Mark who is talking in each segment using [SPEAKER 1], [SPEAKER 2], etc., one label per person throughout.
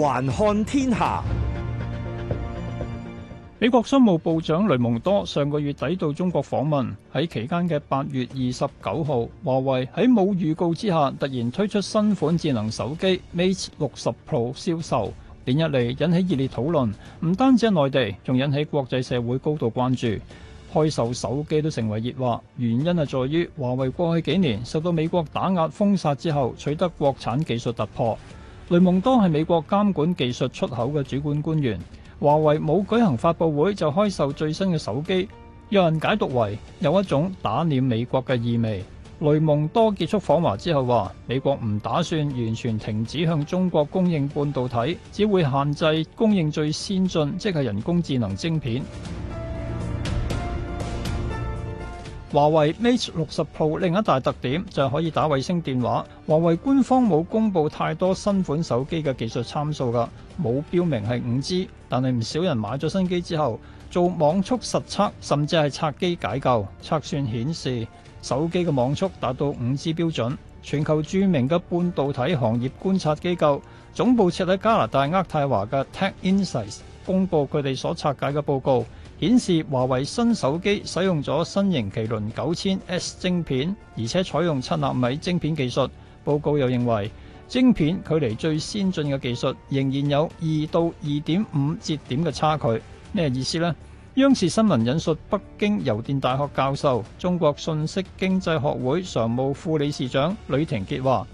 [SPEAKER 1] 環看天下，美國商務部長雷蒙多上個月抵到中國訪問，喺期間嘅八月二十九號，華為喺冇預告之下，突然推出新款智能手機 Mate 六十 Pro 銷售，連日嚟引起熱烈討論。唔單止喺內地，仲引起國際社會高度關注。開售手機都成為熱話，原因係在於華為過去幾年受到美國打壓封殺之後，取得國產技術突破。雷蒙多係美國監管技術出口嘅主管官員，華為冇舉行發佈會就開售最新嘅手機，有人解讀為有一種打臉美國嘅意味。雷蒙多結束訪華之後話，美國唔打算完全停止向中國供應半導體，只會限制供應最先進，即係人工智能晶片。華為 Mate 六十 Pro 另一大特點就係可以打衛星電話。華為官方冇公布太多新款手機嘅技術參數㗎，冇標明係五 G，但係唔少人買咗新機之後做網速實測，甚至係拆機解構。測算顯示手機嘅網速達到五 G 標準。全球著名嘅半導體行業觀察機構，總部設喺加拿大渥太華嘅 TechInsights，公布佢哋所拆解嘅報告。顯示華為新手機使用咗新型麒麟九千 S 晶片，而且採用七納米晶片技術。報告又認為晶片距離最先進嘅技術仍然有二到二點五節點嘅差距。咩意思呢？央視新聞引述北京郵電大學教授、中國信息經濟學會常務副理事長呂廷傑話。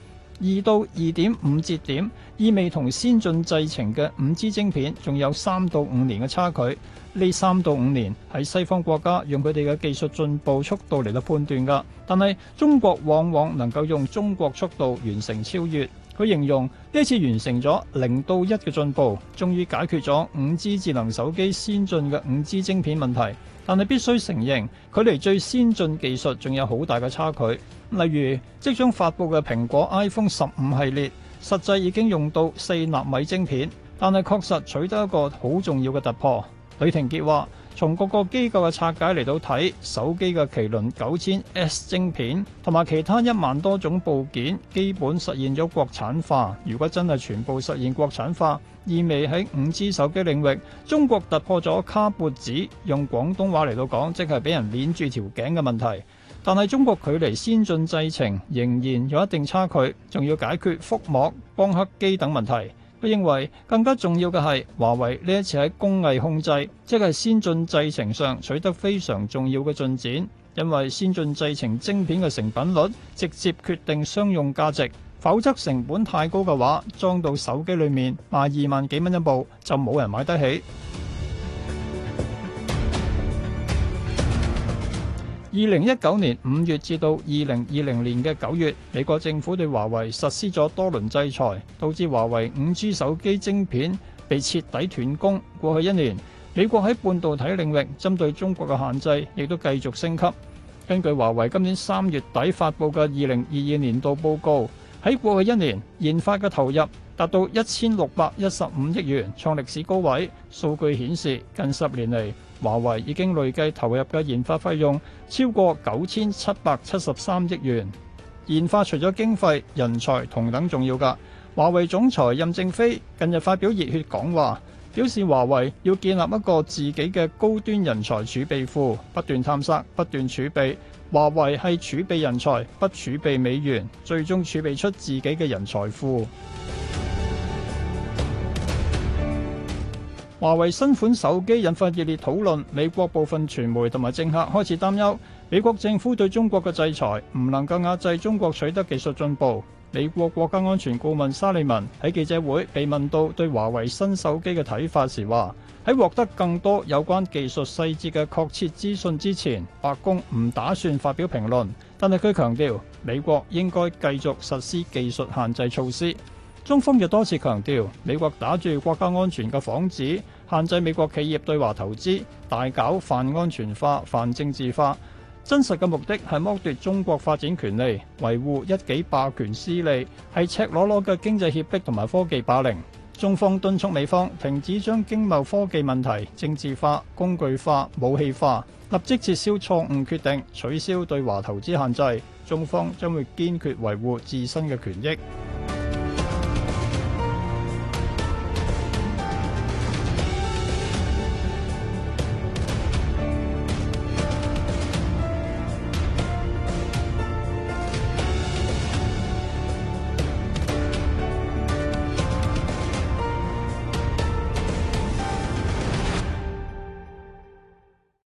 [SPEAKER 1] 二到二點五節點，意味同先進製程嘅五 G 晶片仲有三到五年嘅差距。呢三到五年係西方國家用佢哋嘅技術進步速度嚟到判斷噶，但係中國往往能夠用中國速度完成超越。佢形容呢次完成咗零到一嘅進步，終於解決咗五 G 智能手機先進嘅五 G 晶片問題。但係必須承認，距離最先進技術仲有好大嘅差距。例如，即將發佈嘅蘋果 iPhone 十五系列，實際已經用到四納米晶片，但係確實取得一個好重要嘅突破。呂庭傑話：從各個機構嘅拆解嚟到睇，手機嘅麒麟九千 S 晶片同埋其他一萬多種部件，基本實現咗國產化。如果真係全部實現國產化，意味喺五 G 手機領域，中國突破咗卡脖子。用廣東話嚟到講，即係俾人捏住條頸嘅問題。但係中國距離先進製程仍然有一定差距，仲要解決覆膜、光刻機等問題。佢認為更加重要嘅係華為呢一次喺工藝控制，即係先進製程上取得非常重要嘅進展。因為先進製程晶片嘅成品率直接決定商用價值，否則成本太高嘅話，裝到手機裡面賣二萬幾蚊一部就冇人買得起。二零一九年五月至到二零二零年嘅九月，美國政府對華為實施咗多輪制裁，導致華為五 G 手機晶片被徹底斷供。過去一年，美國喺半導體領域針對中國嘅限制亦都繼續升級。根據華為今年三月底發布嘅二零二二年度報告，喺過去一年研發嘅投入，達到一千六百一十五億元，創歷史高位。數據顯示，近十年嚟，華為已經累計投入嘅研發費用超過九千七百七十三億元。研發除咗經費、人才同等重要㗎。華為總裁任正非近日發表熱血講話，表示華為要建立一個自己嘅高端人才儲備庫，不斷探索、不斷儲備。華為係儲備人才，不儲備美元，最終儲備出自己嘅人才庫。華為新款手機引發熱烈討論，美國部分傳媒同埋政客開始擔憂，美國政府對中國嘅制裁唔能夠壓制中國取得技術進步。美國國家安全顧問沙利文喺記者會被問到對華為新手機嘅睇法時話：喺獲得更多有關技術細節嘅確切資訊之前，白宮唔打算發表評論，但係佢強調美國應該繼續實施技術限制措施。中方又多次強調，美國打住國家安全嘅幌子，限制美國企業對華投資，大搞泛安全化、泛政治化，真實嘅目的係剝奪中國發展權利，維護一己霸權私利，係赤裸裸嘅經濟脅迫同埋科技霸凌。中方敦促美方停止將經貿科技問題政治化、工具化、武器化，立即撤銷錯誤決定，取消對華投資限制。中方將會堅決維護自身嘅權益。